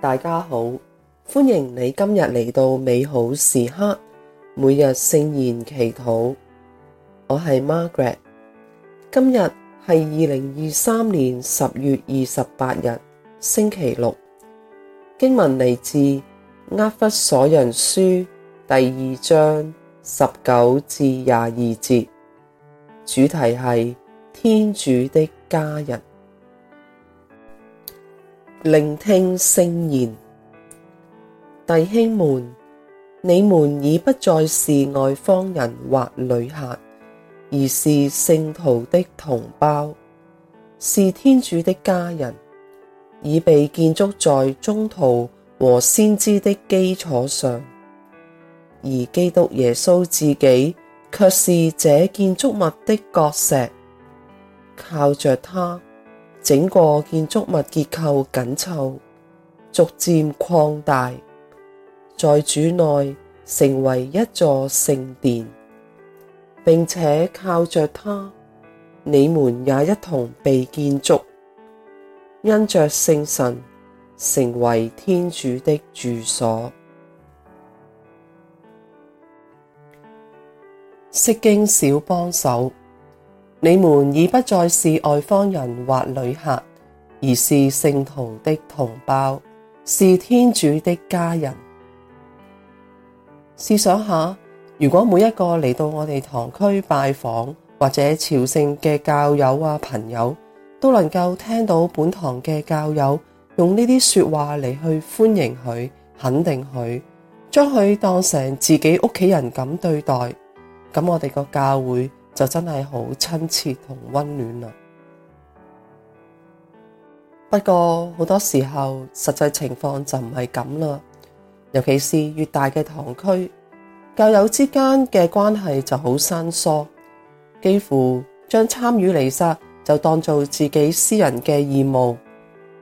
大家好，歡迎你今日嚟到美好時刻，每日聖言祈禱。我係 Margaret，今日係二零二三年十月二十八日，星期六。經文嚟自厄弗所人書第二章十九至廿二節，主題係天主的家人。聆聽聖言，弟兄們，你們已不再是外方人或旅客，而是聖徒的同胞，是天主的家人，已被建築在宗徒和先知的基礎上，而基督耶穌自己卻是這建築物的角石，靠着他。整個建築物結構緊湊，逐漸擴大，在主內成為一座聖殿，並且靠着祂，你們也一同被建築，因着聖神成為天主的住所。釋經小幫手。你們已不再是外方人或旅客，而是聖徒的同胞，是天主的家人。試想下，如果每一個嚟到我哋堂區拜訪或者朝聖嘅教友啊朋友，都能夠聽到本堂嘅教友用呢啲說話嚟去歡迎佢、肯定佢，將佢當成自己屋企人咁對待，咁我哋個教會，就真係好親切同温暖啦。不過好多時候，實際情況就唔係咁啦。尤其是越大嘅堂區，教友之間嘅關係就好生疏，幾乎將參與彌撒就當做自己私人嘅義務，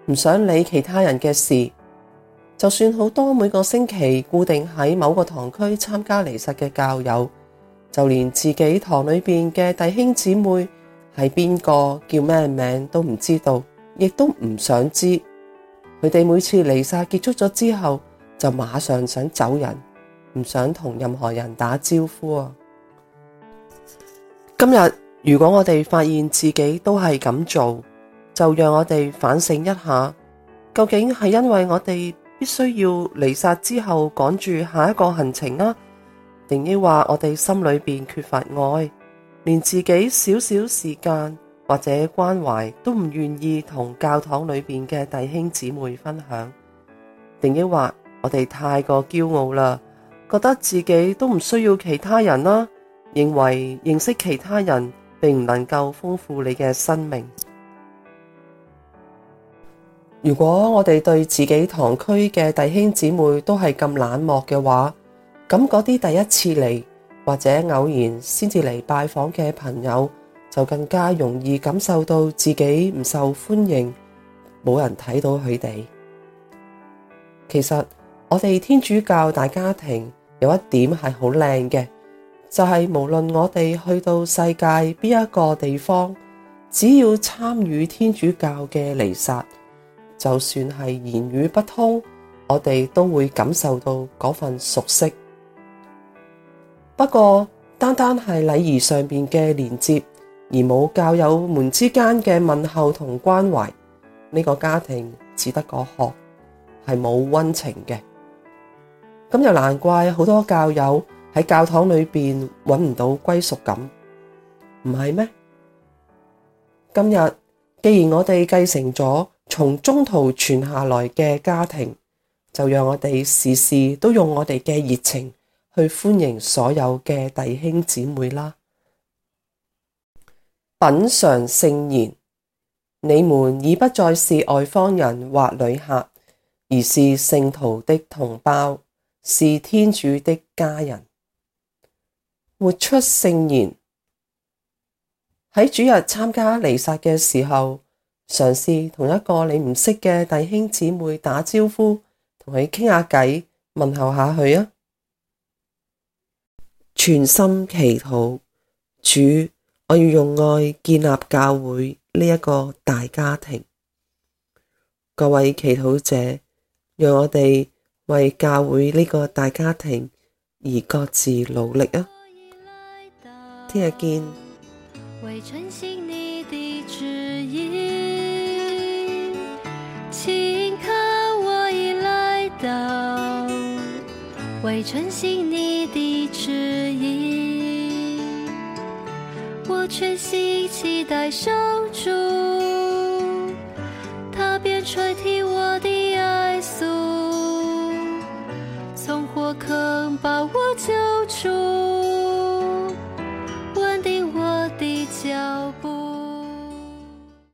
唔想理其他人嘅事。就算好多每個星期固定喺某個堂區參加彌撒嘅教友。就連自己堂裏邊嘅弟兄姊妹係邊個叫咩名都唔知道，亦都唔想知道。佢哋每次彌撒結束咗之後，就馬上想走人，唔想同任何人打招呼啊！今日如果我哋發現自己都係咁做，就讓我哋反省一下，究竟係因為我哋必須要彌撒之後趕住下一個行程啊？定抑話我哋心裏邊缺乏愛，連自己少少時間或者關懷都唔願意同教堂裏邊嘅弟兄姊妹分享。定抑話我哋太過驕傲啦，覺得自己都唔需要其他人啦，認為認識其他人並唔能夠豐富你嘅生命。如果我哋對自己堂區嘅弟兄姊妹都係咁冷漠嘅話，咁嗰啲第一次嚟或者偶然先至嚟拜訪嘅朋友，就更加容易感受到自己唔受歡迎，冇人睇到佢哋。其實我哋天主教大家庭有一點係好靚嘅，就係無論我哋去到世界邊一個地方，只要參與天主教嘅彌撒，就算係言語不通，我哋都會感受到嗰份熟悉。不過單單係禮儀上面嘅連接，而冇教友們之間嘅問候同關懷，呢、這個家庭只得個殼，係冇溫情嘅。咁又難怪好多教友喺教堂裏邊揾唔到歸屬感，唔係咩？今日既然我哋繼承咗從宗徒傳下來嘅家庭，就讓我哋時時都用我哋嘅熱情。去歡迎所有嘅弟兄姊妹啦，品嚐聖言。你們已不再是外方人或旅客，而是聖徒的同胞，是天主的家人。活出聖言。喺主日參加彌撒嘅時候，嘗試同一個你唔識嘅弟兄姊妹打招呼，同佢傾下偈，問候下佢啊！全心祈禱，主，我要用愛建立教會呢一個大家庭。各位祈禱者，讓我哋為教會呢個大家庭而各自努力啊！聽日見。全信你的指引，我全心期待守住，踏遍川途。